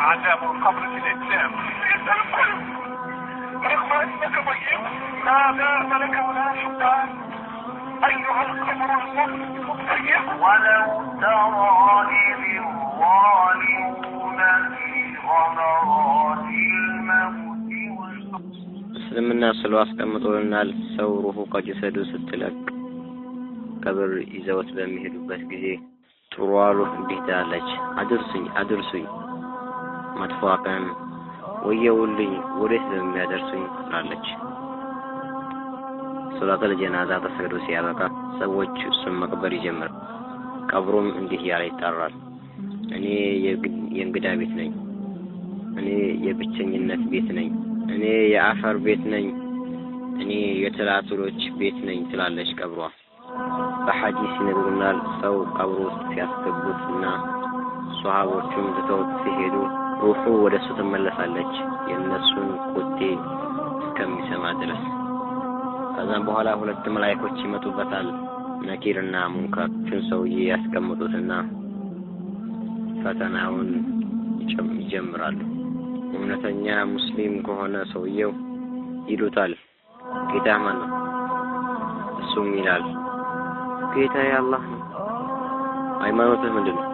عذاب القبر في الإسلام رغم أنك طيب دام لك ولا سلطان أيها القمر المطيب ولو ترى إذ في غمرات الموت እስልምና ስለ አስቀምጦልናል ሰው ሩሁ ከጅሰዱ ስትለቅ ቀብር ይዘውት በሚሄዱበት ጊዜ ጥሩ አሉ እንዲህ ትላለች፣ አድርሱኝ አድርሱኝ መጥፎ ቀን ወየውልኝ ወዴት የሚያደርሱኝ ትላለች። ሶላተል ጀናዛ ተሰግዶ ሲያበቃ ሰዎች እሱን መቅበር ይጀምር። ቀብሩም እንዲህ ያለ ይጠራል! እኔ የእንግዳ ቤት ነኝ፣ እኔ የብቸኝነት ቤት ነኝ፣ እኔ የአፈር ቤት ነኝ፣ እኔ የትላትሎች ቤት ነኝ ትላለች ቀብሯ። በሐዲስ ይነግሩናል። ሰው ቀብሩ ውስጥ ሲያስገቡት እና ሶሃቦቹም ትተውት ሲሄዱ ወፉ ወደ እሱ ትመለሳለች የእነሱን ቁጤ እስከሚሰማ ድረስ። ከዛም በኋላ ሁለት መላይኮች ይመጡበታል። ነኪርና ሙንከር ሰውዬ ያስቀምጡትና ፈተናውን ይጀምራሉ። እውነተኛ ሙስሊም ከሆነ ሰውየው ይሉታል፣ ጌታ ማን ነው? እሱም ይላል፣ ጌታ የአላህ ነው። ሃይማኖትህ ምንድን ነው?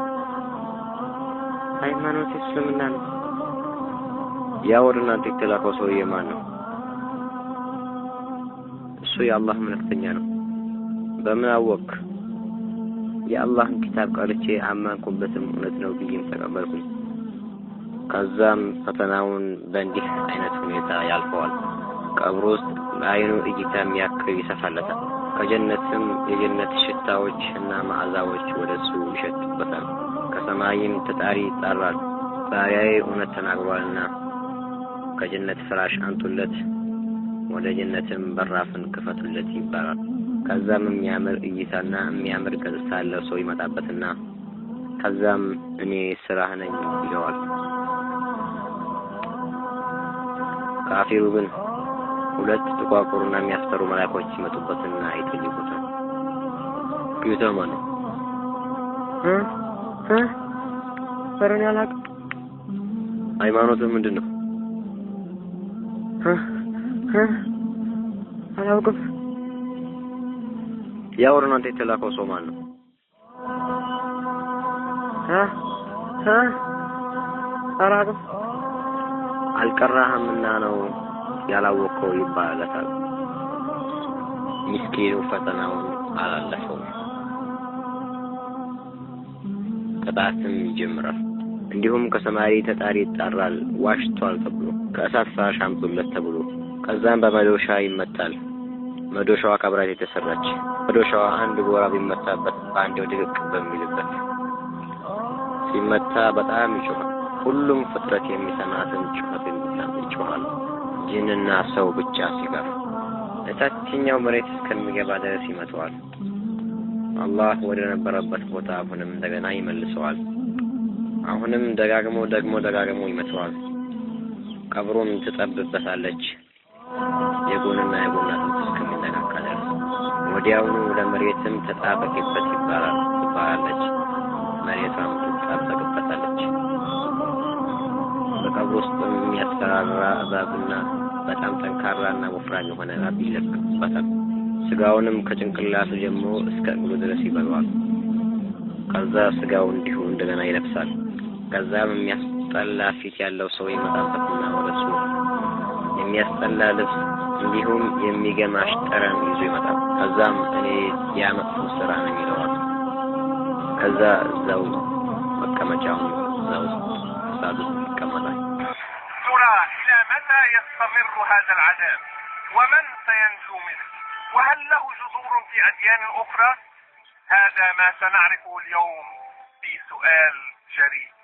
ሃይማኖት እስልምና ነው። ያ ወደ እናንተ የተላከው ሰውዬ ማን ነው? እሱ የአላህ መልእክተኛ ነው። በምን አወቅ? የአላህን ኪታብ ቀርቼ አማንኩበትም እውነት ነው ብዬም ተቀበልኩኝ። ከዛም ፈተናውን በእንዲህ አይነት ሁኔታ ያልፈዋል። ቀብር ውስጥ ለአይኑ እይታ ያክል ይሰፋለታል። ከጀነትም የጀነት ሽታዎች እና መዓዛዎች ወደ እሱ ይሸጡበታል። ከሰማይም ተጣሪ ይጣራል፣ ባሪያዬ እውነት ተናግሯልና ከጀነት ፍራሽ አንቱለት፣ ወደ ጀነትም በራፍን ክፈቱለት ይባላል። ከዛም የሚያምር እይታና የሚያምር ገጽታ ያለው ሰው ይመጣበትና ከዛም እኔ ስራህ ነኝ ይለዋል። ካፊሩ ግን ሁለት ጥቋቁርና የሚያስፈሩ መላእክቶች ይመጡበትና ይጠይቁታል። ጌታ ማን ነው? እ እ ፈረን ያላቅ ሃይማኖት ምንድን ነው? እ አላውቅም። ያ ወደ እናንተ የተላከው ሰው ማን ነው? እ እ አላውቅም። አልቀራህምና ነው ያላወቀው ይባላል ምስኪኑ ፈተናውን አላለፈው፣ ቅጣትም ይጀምራል። እንዲሁም ከሰማሪ ተጣሪ ይጣራል ዋሽቷል ተብሎ ከእሳት ፍራሽ አምጡለት ተብሎ ከዛም በመዶሻ ይመታል። መዶሻዋ ከብረት የተሰራች መዶሻዋ አንድ ጎራ ቢመታበት በአንዴው ድቅቅ በሚልበት ሲመታ በጣም ይጮኻል። ሁሉም ፍጥረት የሚሰማትን ጩኸት ይጮኻል። ጅንና ሰው ብቻ ሲቀር እታችኛው መሬት እስከሚገባ ድረስ ይመተዋል። አላህ ወደ ነበረበት ቦታ አሁንም እንደገና ይመልሰዋል። አሁንም ደጋግሞ ደግሞ ደጋግሞ ይመተዋል። ቀብሩን ትጠብበታለች የጎንና የጎን አጥንት እስከሚነካካ ድረስ። ወዲያውኑ ለመሬትም ተጣበቂበት ይባላል ትባላለች። መሬቷም ትጣበቅበታለች። ፀጉር ውስጥ የሚያስፈራራ እባብና በጣም ጠንካራና ወፍራም የሆነ እባብ ይለቅቁበታል። ስጋውንም ከጭንቅላቱ ጀምሮ እስከ እግሩ ድረስ ይበሏል። ከዛ ስጋው እንዲሁ እንደገና ይለብሳል። ከዛም የሚያስጠላ ፊት ያለው ሰው ይመጣበትና ወረሱ የሚያስጠላ ልብስ እንዲሁም የሚገማሽ ጠረን ይዞ ይመጣል። ከዛም እኔ ያመጥፎ ስራ ነው ይለዋል። ከዛ እዛው መቀመጫውን እዛው كما ترى إلى متى يستمر هذا العذاب ومن سينجو منه وهل له جذور في أديان أخرى هذا ما سنعرفه اليوم في سؤال جريء